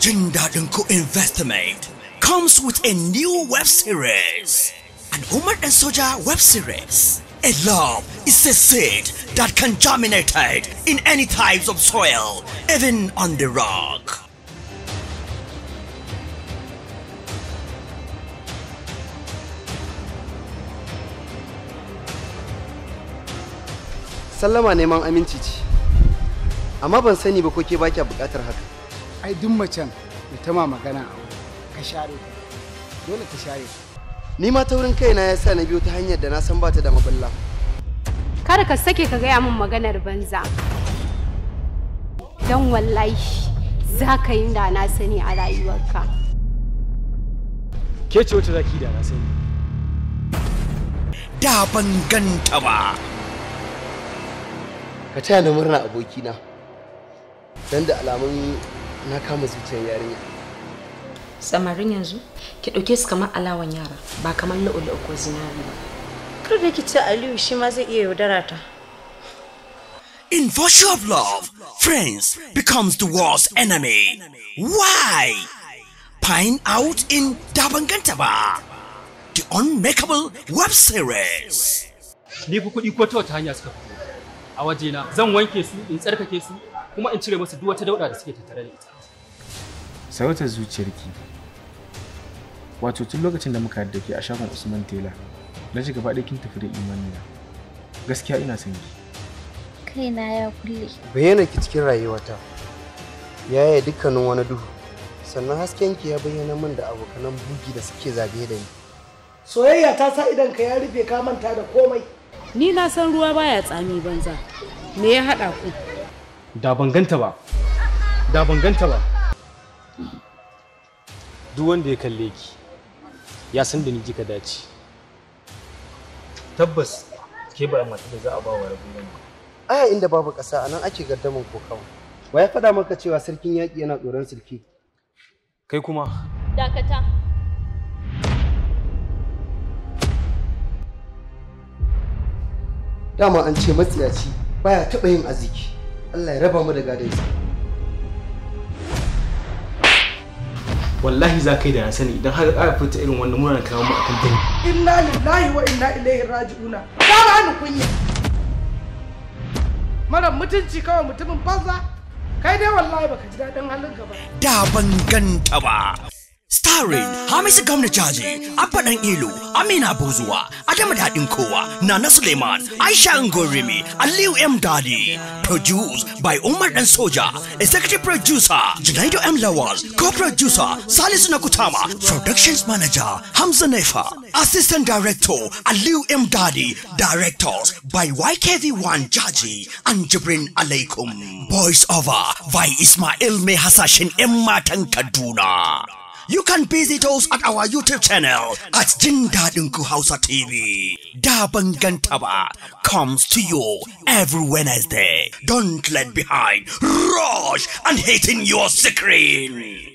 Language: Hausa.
Jinda Dunko Investment comes with a new web series, an Umar and Soja web series. A love is a seed that can germinate in any types of soil, even on the rock. Sallama neman aminci ce, amma ban sani ba ko ke ba kya bukatar haka. ai duk macen da ta ma magana a ka share dole ka share ni ma taurin kaina ya sa na biyo ta hanyar da na san bata da mabulla kada ka sake ka gaya min maganar banza Dan wallahi za ka yi da na sani a rayuwarka ke ce wata zaki da na sani da ban ganta ba ka taya ni murna abokina dan da alamun na kama zuciyar yarinya samarin yanzu ki dauke su kamar alawan yara ba kamar la'ula ko zinari ba kar da ki ce aliyu shi ma zai iya yaudara ta In virtue of love, friends becomes the worst enemy. Why? Find out in Dabangantaba, the unmakeable web series. Ni ku kudi ko ta hanya suka fito. A wajena zan wanke su in tsarkake su kuma in cire masa duwata dauda da suke tattare da ita sarautar zuciyarki wato tun lokacin da muka da ke a shagon usman tela na ji gaba kin tafi da imanina gaskiya ina son ki kaina ya kulle bayyana ki cikin rayuwata yaya dukkanin wani duhu sannan hasken ki ya bayyana min da abokanan bugi da suke zage da ni soyayya ta sa idan ka ya rufe ka manta da komai ni na san ruwa baya tsami banza me ya haɗa ku da ban ganta ba da ban ganta ba duk wanda ya kalle ki ya san da ni kika dace tabbas ke ba mata da za a ba wa rabon ba aya inda babu ƙasa anan ake gardaman kokawa wa ya faɗa maka cewa sarkin yaƙi yana tsoron sulki kai kuma dakata dama an ce matsiyaci baya taɓa yin aziki Allah ya raba mu da gadansa wallahi za kai da na sani idan har ka fita irin wannan muna kawo mu akan tani inna lillahi wa inna ilaihi raji'una ba ba ni kunya mara mutunci kawai mutumin banza kai dai wallahi baka ji daɗin halinka ba da ban ganta ba Starring Hamisu Gamnajaji, Abba Dan Ilu, Amina Buzuwa, Adamu Daɗin Kowa, Nana Suleiman, Aisha Ngorimi, Aliyu M. Dadi. Produced by Umar Dan Soja. Executive Producer, Junaido M. Lawal. Co-Producer, Salisu Nakutama. Productions Manager, Hamza Nefa. Assistant Director, aliu M. Dadi. Directors by YKV1 Jaji and Jibrin Alaikum. Voice over by Ismail Mai Hasashin 'yan matan Kaduna. You can visit us at our YouTube channel at Jin Dadinku Hausa TV. Daban comes to you every Wednesday. Don't let behind. Rush and hitting your screen.